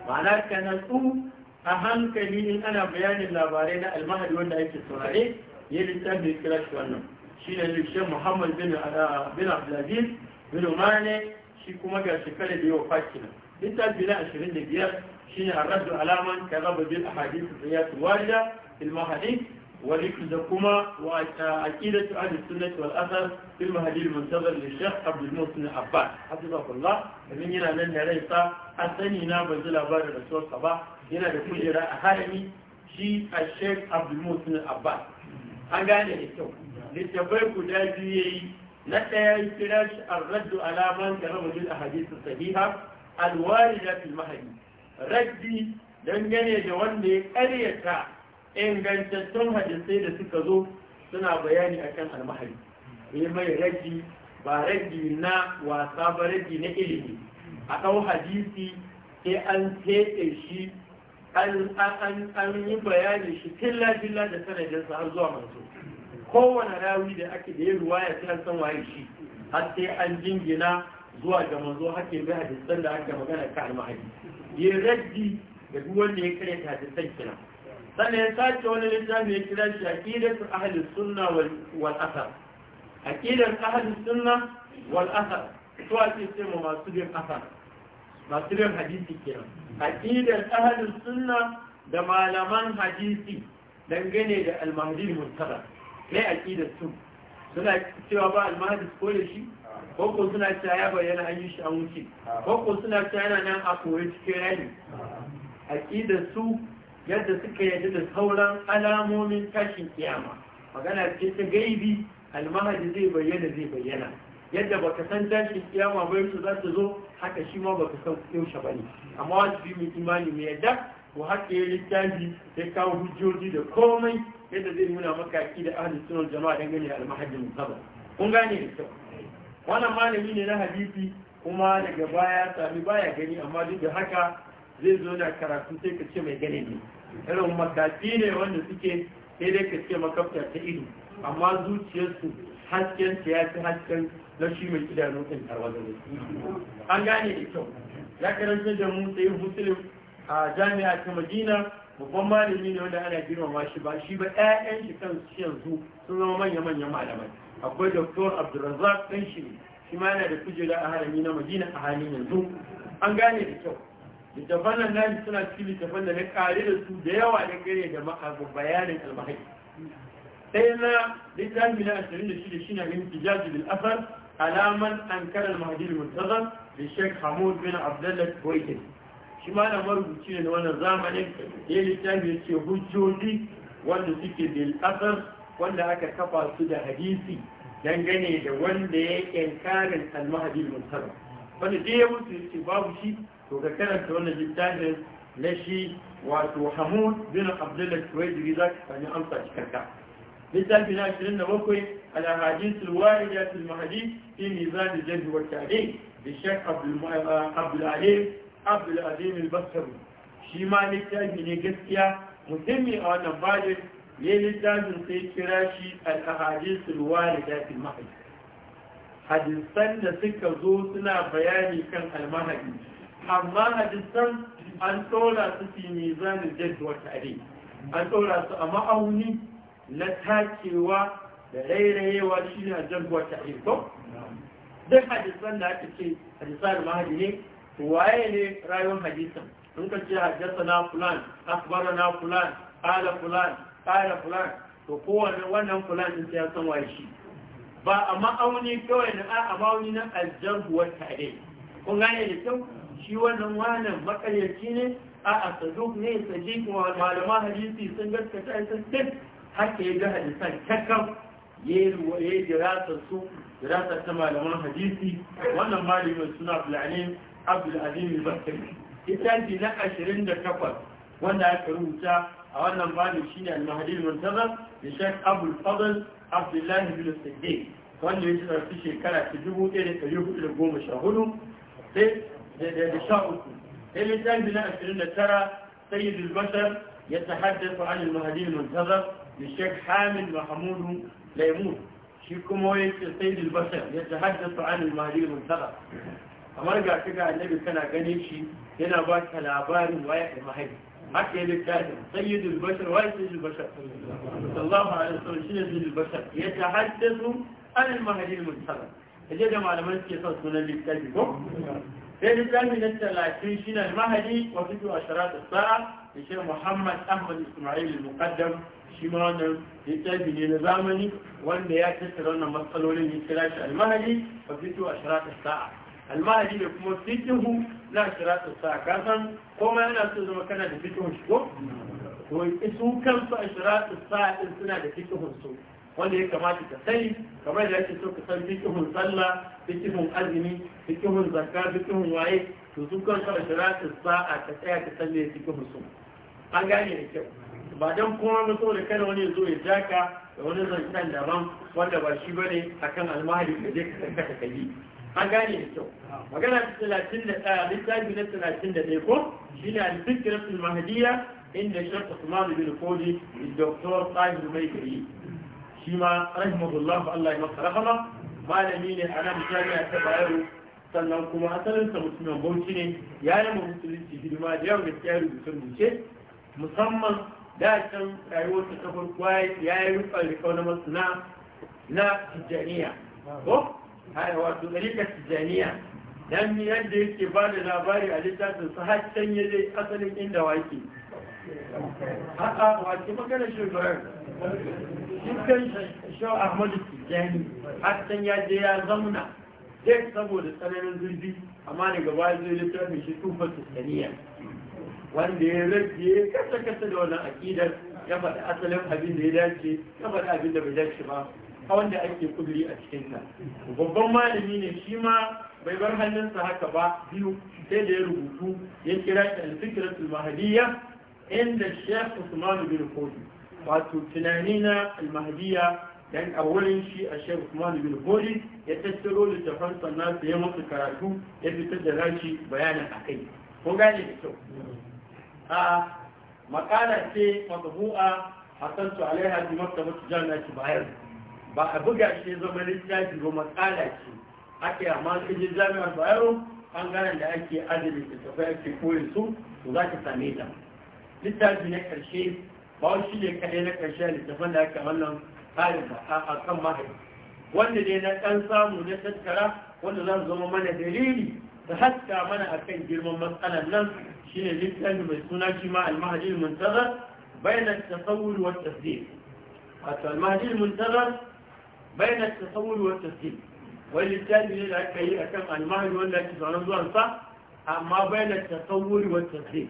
ma'ana ka natsu a hankali in ana bayanin labarai na almahadi wanda ake saurare ya littafin kirashi wannan shi ne shan muhammad ah, bin abdulaziz bin umane shi kuma ga shekara da yawa fakina littafi na ashirin da biyar shi ne a raddu alaman karaba bin ahadisu da ya tuwariya ilmahadi da kuma wa aqidatu ahli sunnati wal athar fil mahdi al muntazir li shaykh abdul muhsin abbas hafizahullah kamin yana nan da rai sa asani na ban ji labarin rasuwarsa ba yana da kujera a harami shi a shaykh abdul muhsin abbas an gane da kyau littafai guda biyu yi. na ɗaya ya kira shi ar-raddu ala man karama bil ahadith sahiha al-warida fil mahdi raddi dangane da wanda ya ƙaryata ingantattun hadisai da suka zo suna bayani akan almahari yi mai raji ba raji na wasa ba raji na ilimi a ɗau hadisi sai an teɗe shi an yi bayani shi tilla-tilla da sanadinsa har zuwa manzo kowane rawi da ake da ya ruwaya sai san waye shi har sai an jingina zuwa ga manzo hake bai hadisan da ake magana ta almahari ya raddi da duk wanda ya ta hadisan kina sannan ya sace wani littafi ya kira shi aqidatu ahli ahalin suna athar aqidar ahli sunna wal athar to a ce ma masu bin athar masu bin hadisi kenan aqidar ahalin suna da malaman hadisi dangane da al-mahdi muntada ne aqidar su suna cewa ba al-mahdi ko da shi ko suna cewa ya bayyana an yi shi an wuce ko suna cewa yana nan a koyi cikin rani aqidar su yadda suka yadda da sauran alamomin tashin kiyama magana ce ta gaibi almahadi zai bayyana zai bayyana yadda baka san tashin kiyama bai yaushe za ta zo haka shi ma baka san yaushe ba ne amma wajibi mai imani mai yadda ko haka ya littafi ya kawo hujjoji da komai yadda zai nuna maka aki da ahli sunan jama'a dangane da almahadi musamman kun gane da kyau wannan malami ne na hadisi kuma daga baya sami baya gani amma duk da haka zai zo na karatu sai ka ce mai gane ne irin makafi ne wanda suke sai dai ka ce makafta ta ido amma zuciyarsu hasken ta ya fi hasken na shi mai idanu ɗin tarwazare an gane da kyau ya karanta da mu sai musulun a jami'a ta madina babban malami ne wanda ana girmama shi ba shi ba 'ya'yan shi kan yanzu sun zama manya-manyan malamai akwai doktor abdulrazak ɗan shi ne shi ma yana da kujera a harami na madina a halin yanzu an gane da kyau littafan nan nashi suna cikin littafan da na kare da su da yawa da kare da ma'abu bayanin almahai sai na littafi na 26 shine min tijaji bil asar alaman ankara al-mahdi al-muntazam da Sheikh Hamud bin Abdullah Boykin shi ma na marubuci ne na wannan zamanin ya littafi ya ce hujjoji wanda suke bil asar wanda aka kafa su da hadisi dangane da wanda ya yankarin al-mahdi al wanda dai ya mutu ya ce babu shi to ka karanta wannan littafin na shi wato hamud bin abdullahi kuwaiti za ka sami amsa cikarka littafi na 27 ala hadisul warida fil mahdi fi mizan al-jaddi wa tarihi bi shaykh abdul alim abdul alim al-basri shi ma littafi ne gaskiya muhimmi a wannan bajin ne littafin sai kira shi al-ahadisul warida fil mahdi hadisan da suka zo suna bayani kan al-mahdi amma hadisan an tsora su fi mizanin jaddu wata ade an tsora su a ma'auni na takewa da rairayewa shi ne jaddu wata ade ko duk hadisan da aka ce hadisan mahadi ne waye ne rayuwar hadisan in ka ce haddasa na fulan akbara na fulan ala fulan ala fulan to kowane wannan fulan din sai ya san waye shi ba a ma'auni kawai na a ma'auni na aljarhu wata are kun gane da kyau shi wannan wanan makaryaci ne a a saduk ne sadiq malama hadisi sun gaskata a sassan haka ya ga hadisan kakkan ya yi jirasa su jirasa ta malaman hadisi wannan malamin suna fulani abdulazim bakari littafi na ashirin da takwas wanda aka rubuta a wannan malamin shine al-mahdi muntazar da shek abul fadl abdullahi bin siddiq wanda ya shafi shekara ta dubu ɗaya da ɗari hudu da goma sha hudu sai لشاء أسن الإنسان بناء أسرنا ترى سيد البشر يتحدث عن المهدي المنتظر بشكل حامل وحموله لا يموت شيكم هو سيد البشر يتحدث عن المهدي المنتظر رجع أمرقى على النبي كان أغني شيء هنا بات كلابان وايح المهدي حتى يتحدث سيد البشر وايح سيد البشر صلى الله عليه وسلم سيد البشر يتحدث عن المهدي المنتظر هذا معلومات كيف تصنع لي التجربة sai littafi na talatin shi ne mahadi wa fito a sharatu sa'a da shi muhammad ahmad ismail muqaddam shi ma wannan littafi ne na zamani wanda ya tattara wannan matsalolin ya kira shi almahadi wa fito a sharatu sa'a al almahadi da kuma fitihu na sharatu sa'a kasan kuma yana so zama kana da fitihun shi ko to su kansu a sharatu sa'a din suna da fitihun su wanda ya kamata ka sani kamar da ake so ka san fikihun sallah fikihun azumi fikihun zakka fikihun waye to su kan sa shiratin sa'a ka tsaya ka san me fikihun su an gane da kyau ba dan kuma na so da kada wani ya zo ya jaka da wani zancen daban wanda ba shi bane akan almahadi da zai ka sanka ka yi an gane da kyau magana talatin da ɗaya littafi na talatin da ɗaya ko shi ne alfikiratul mahdiya inda shakka kuma bin kodi da doktor tsahir mai gari shi ma rahimahullah Allah ya masa rahama malami ne a nan jami'a ta Bayero sannan kuma asalin sa mutumin Bauchi ne ya yi mu musulunci hidima da yawan gaskiya rubuce rubuce musamman da can rayuwarsa ta farko ya yi rufa rikau na masana na tijjaniya ko haya wato ɗarikar tijjaniya dan yadda yake ba da labari a littafin sa har can ya je asalin inda wake a'a wake magana shi dukkan kan ahmadu tijjani hassan ya je ya zauna zai saboda tsananin zurbi amma daga baya zai littafin shi tufa tijjaniya wanda ya rage kasa kasa da wannan akidar ya faɗi asalin abin da ya dace ya faɗi abin da bai dace ba a wanda ake kuduri a cikinsa babban malami ne shi ma bai bar hannunsa haka ba biyu sai da ya rubutu ya kira shi alfikiratul mahadiyya inda shekh usman bin fodi wato tunani na almahdiya dan awalin shi a shek Usman da Bodi ya tattaro littafan sannan sai ya masa karatu ya fitar da rashi bayanin akai ko gane da kyau a makala ce matbu'a hasantu alaiha bi maktabati jami'ati bayar ba a buga shi zama littafi ba makala ce ake amma kaje jami'ar an gane da ake adalin littattafai ake koyin su to za ka same ta littafi na karshe ba shi ne kaɗai na ƙarshe a littafin da aka wannan halin ba a kan mahaifi wanda ne na ɗan samu na tattara wanda za su zama mana dalili da haska mana a kan girman matsalar nan shi ne littafi mai suna shi ma almahadin muntazar bayan tasawuri wa tasdir wato almahadin muntazar bayan tasawuri wa tasdir wani littafi ne da aka yi a kan almahadi wanda ake zaune zuwansa amma bayan tasawuri wa tasdir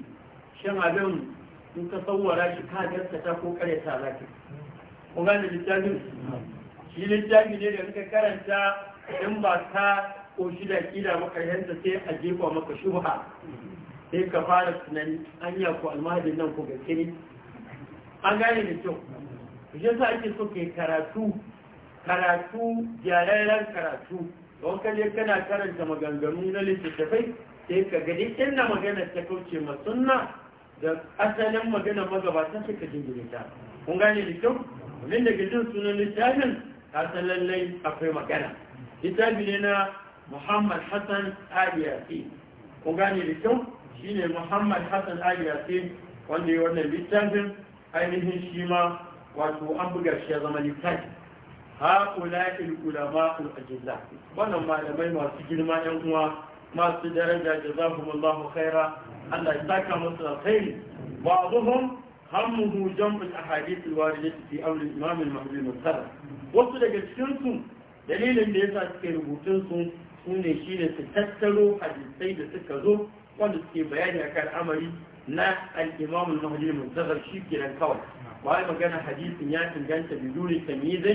shan abin in ka tsawara shi ka gaskata ko karyata za ka kun gane littafin shi littafi ne da ka karanta in ba ta ko shi da maka makaryanta sai a jefa maka shubha sai ka fara tunani anya ko almahadin nan ko gaske ne an gane da kyau shi yasa ake so kai karatu karatu gyararren karatu don ka je kana karanta maganganu na littattafai sai ka ga duk inda maganar ta kauce ma sunna da asalin magana magabata suka jingine ta kun gane da kyau abin daga jin sunan littafin asalin lallai akwai magana littafi ne na muhammad hassan aliyasi kun gane da kyau shine muhammad hassan aliyasi wanda ya wannan littafin ainihin shi ma wato an buga shi ya zama littafi haƙula ilkula ma'ul ajiyar wannan malamai masu girma 'yan uwa masu daraja jazakumullahu khaira Allah ya saka musu alkhairi ba'dhum hammuhu jam'u ahadith al fi amr al-imam al-mahdi al-mutar wasu daga cikin su dalilin da yasa suke rubutun su sune shine su tattaro hadisai da suka zo wanda suke bayani akan amari na al-imam al-mahdi al-mutar shi kiran kawai وهي مجانا حديث ياتي جانت بدون تمييز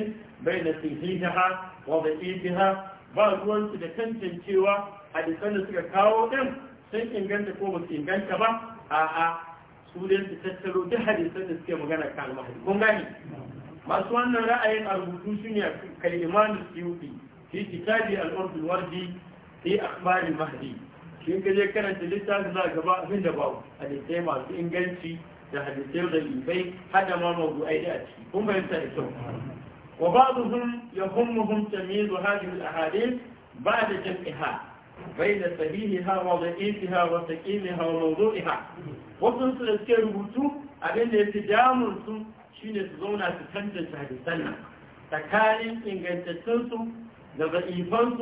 بين صحيحها وضعيفها بعض وانت لكنت انتوى hadisan da suka kawo din sun inganta ko ba inganta ba a'a su dai su tattaro duk hadisan da suke magana kan al kun gani masu wannan ra'ayin a rubutu su ne kalimanu siyuti fi kitabi al al wardi fi akhbar al-mahdi shi ka je karanta littafin za gaba abin da babu hadisai masu inganci da hadisai da libai hada ma ai da a ciki kun bayyana da kyau wa ba'dhum yahummuhum tamyiz hadhihi al-ahadith ba'da jam'iha bayyana sahihiha wa da'ifiha wa saqimiha wa mawdu'iha wasu su da suke rubutu abin da yake damun su shine su zauna su tantance hadisan nan tsakanin ingantattun su da ba'ifan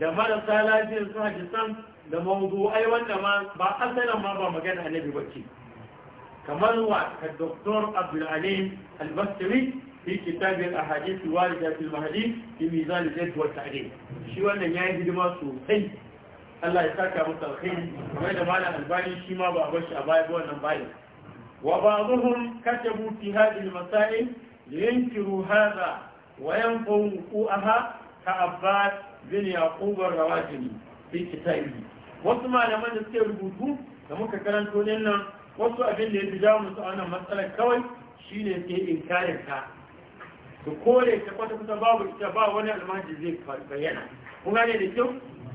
da marasa lafiyar su hadisan da mawdu'ai wanda ma ba ma ba magana annabi bacci kamar wa ka doktor abdulalim albastari fi kitabin ahadith walidatul mahdi fi mizan jadwal shi wannan yayi hidima sosai Allah ya saka musu alkhairi kamar da malam albani shi ma ba a bashi a baya ba wannan bayan wa ba'dhum katabu fi hadhihi al-masail linkiru hadha wa yanqu wuqu'aha ka Abbas bin Yaqub ar-Rawajili fi kitabihi wasu malaman da suke rubutu da muka karanto din nan wasu abin da ya fi jawo musu a wannan matsalar kawai shine sai inkarin ta ko kore ta kwata kusa babu ita ba wani almajiri zai bayyana kun gane da kyau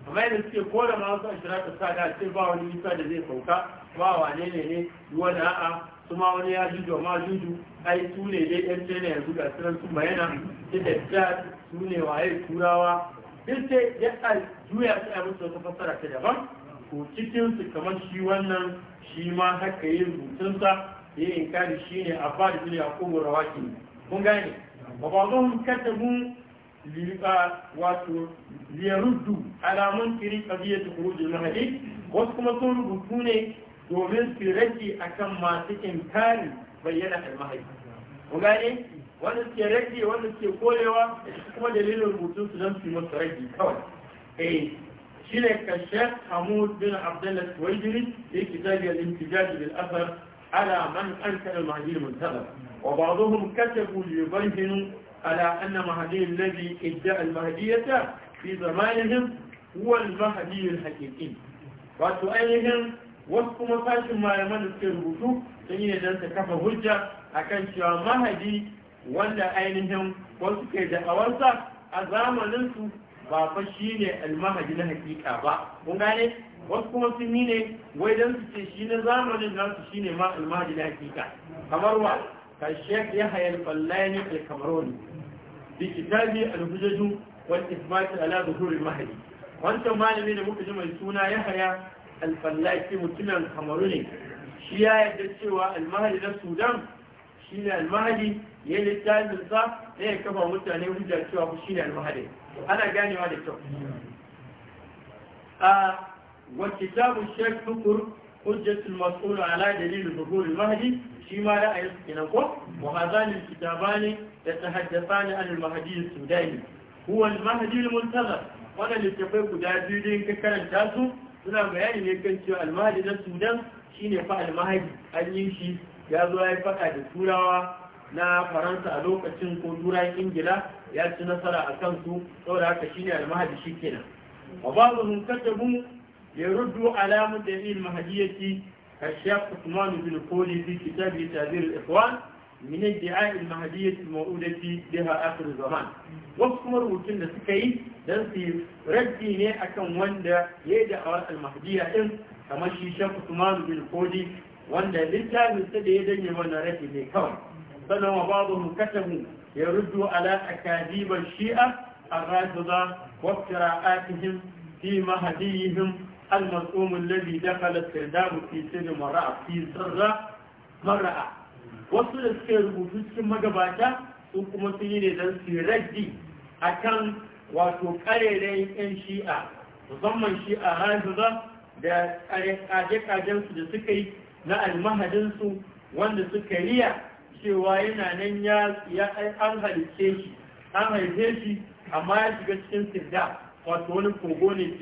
amma da suke kore ma wasu ashirata sada ce ba wani isa da zai sauka ba wane ne ne wani a'a su ma wani ya juju ma juju ai su ne dai yan jena yanzu ga siran su bayana da dajjal su ne waye turawa duk sai ya a juya su a musu wata fassara ta daban ko cikin su kamar shi wannan shi ma haka yin da ya yi inkari shi ne a fadi su ko a kogon ne mun gane ba ba liqa wato liyaruddu alamun tiri qadiyat khuruj al-mahdi wasu kuma sun rubutu ne domin su rage akan masu inkari bayyana al-mahdi gane wanda suke rage wanda suke kolewa kuma dalilin rubutun su don su masu rage kawai eh shi ne shek hamud bin abdullah tuwaijiri da yake zabi al-intijaji bil asar ala man ankara al-mahdi al-muntazar wa ba'dhum katabu li yubayyinu على أن مهدي الذي ادعى المهدية في زمانهم هو المهدي الحقيقي ainihin wasu kuma sashin malaman da suke rubutu sun yi don ta kafa hujja a kan cewa mahadi wanda ainihin wasu ke da'awarsa a zamaninsu ba fa shi ne almahadi na hakika ba kun gane wasu kuma sun yi ne wai don su ce shi na zamanin nasu shi ne ma almahadi na hakika kamar wa كالشيخ يحيى القلاني الكامروني بكتابه الهجج والإثبات على ظهور المهدي وانت malami da muka ji mai suna Yahaya al-Fallaki mutumin Kamaru ne shi ya yarda cewa al na Sudan shine al-Mahdi ya littafin sa ne ya kafa mutane hujja cewa ku shine al-Mahdi ana ganewa da kyau a wa kitabu Sheikh Bukur hujjatul mas'ul ala dalil zuhur al-mahdi shi ma ra'ayin su kenan ko wa hazan al-kitabani yatahaddathani an al-mahdi al-sudani huwa al-mahdi al-muntazar wannan littafai guda biyu da ka karanta su suna bayani ne kan cewa al-mahdi na sudan shine fa al-mahdi an yi shi ya zo ya yi fada da turawa na faransa a lokacin ko turai ingila ya ci nasara a kansu saboda haka shine almahadi shikenan wa babu katabu يرد على مدعي المهدية الشيخ عثمان بن فولي في كتابه تعذير الإخوان من ادعاء المهدية الموؤودة لها آخر الزمان وكم روتين da suka yi dan su raddi ne akan wanda ya da awar almahdiya din kamar shi Sheikh Usman bin wanda littafin sada da ya danye wannan raddi ne kawai sanan wa ba'dhum katabu yaruddu ala akadib shi'a الرافضة وافتراءاتهم في مهديهم المرقوم الذي دخل السرداب في سن مرأة في سرة مرأة wasu da suka rubutu cikin magabata su kuma sun yi ne don su raddi a kan wato karerayen 'yan shi'a musamman shi'a hazuba da kaje-kajensu da suka yi na almahadinsu wanda suka riya cewa yana nan ya an halice shi an haife shi amma ya shiga cikin sirda wato wani kogo ne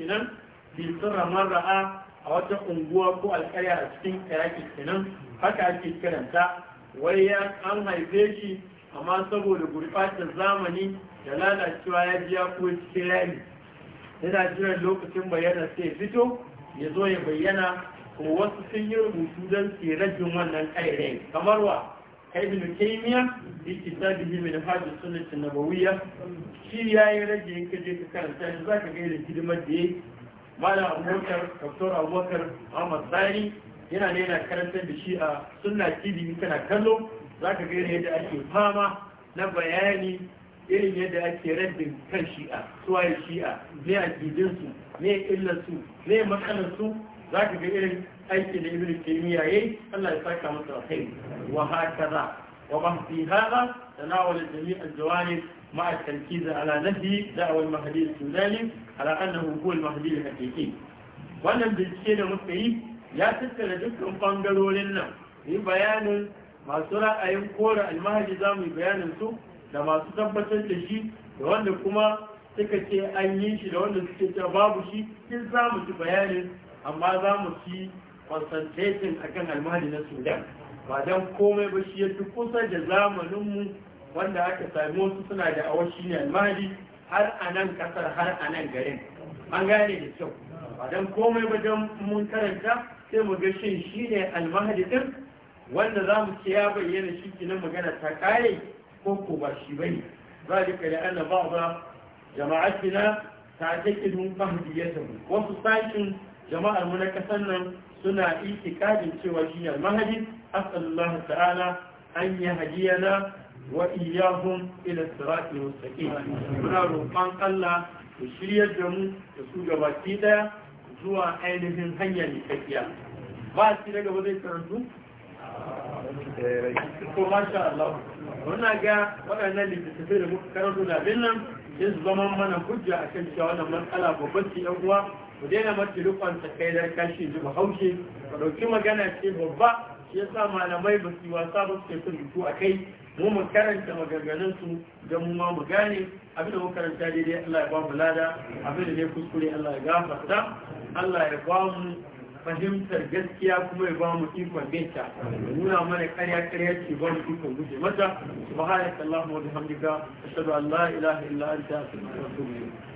bisira marra'a a wata unguwa ko alƙarya a cikin iraki kenan haka ake kiranta wai ya an haife shi amma saboda gurbatar zamani da lalacewa ya biya ya cikin rami yana jiran lokacin bayyana sai fito ya zo ya bayyana ko wasu sun yi rubutu don su rajin wannan kairai kamar wa da ke ta da mai suna sunan nabawiyya shi ya yi rage yin kaje ka karanta shi zaka ka irin hidimar da ya malam abubakar dr abubakar ahmad zari yana ne yana karantar da shi a sunna tv na kallo za ka gani yadda ake fama na bayani irin yadda ake rabin kan shi'a suwaye shi'a ne a gidinsu ne illarsu ne matsalarsu za ka ga irin aiki da ibn ya yayi Allah ya saka masa alkhairi wa za wa man fi hada tanawala jami' al مع التركيز على نفي دعوى المهدي السوداني على أنه هو المهدي الحقيقي wannan bincike da muka yi ya tattara dukkan bangarorin nan yi bayanin masu ra'ayin kora almahadi za mu yi bayanin su da masu tabbatar da shi da wanda kuma suka ce an yi shi da wanda suke cewa babu shi in za mu ci bayanin amma za mu ci concentrating akan almahadi na sudan ba don komai ba shi ya fi kusa da zamaninmu wanda aka sami wasu suna da awa shi ne almahadi har a nan kasar har a nan garin an gane da kyau ba don komai ba don mun karanta sai mu ga shin shi ne almahadi din wanda za mu ce ya bayyana shi kinan magana ta kare ko ko ba shi ba ne za duka kare ana ba ba jama'atina ta ya mahadiyyatan wasu sashin jama'ar mu na kasar nan suna itikadin cewa shi ne almahadi asallahu ta'ala an yi hadiyana wa iyyahum ila siratil mustaqim muna roƙon Allah ya shiryar da mu da su gabaki daya zuwa ainihin hanyar tsakiya ba shi daga ba zai karantu ko masha Allah muna ga waɗannan littattafai da muka karanto da bin nan sai su zama mana hujja a kan cewa wannan matsala babban ce yan uwa ku daina mace rufan ta kai kashi ji ba haushe ka ɗauki magana ce babba shi yasa malamai ba wasa ba su kai sun a kai mu mu karanta maganganun su da mu ma mu gane abin mu karanta daidai Allah ya ba mu lada abinda ne kuskure Allah ya gafarta Allah ya ba mu fahimtar gaskiya kuma ya ba mu ikon binta nuna mana karya karya ce ba mu ikon guje mata subhanaka allahumma wa bihamdika ashhadu an la ilaha illa anta astaghfiruka wa atubu ilayk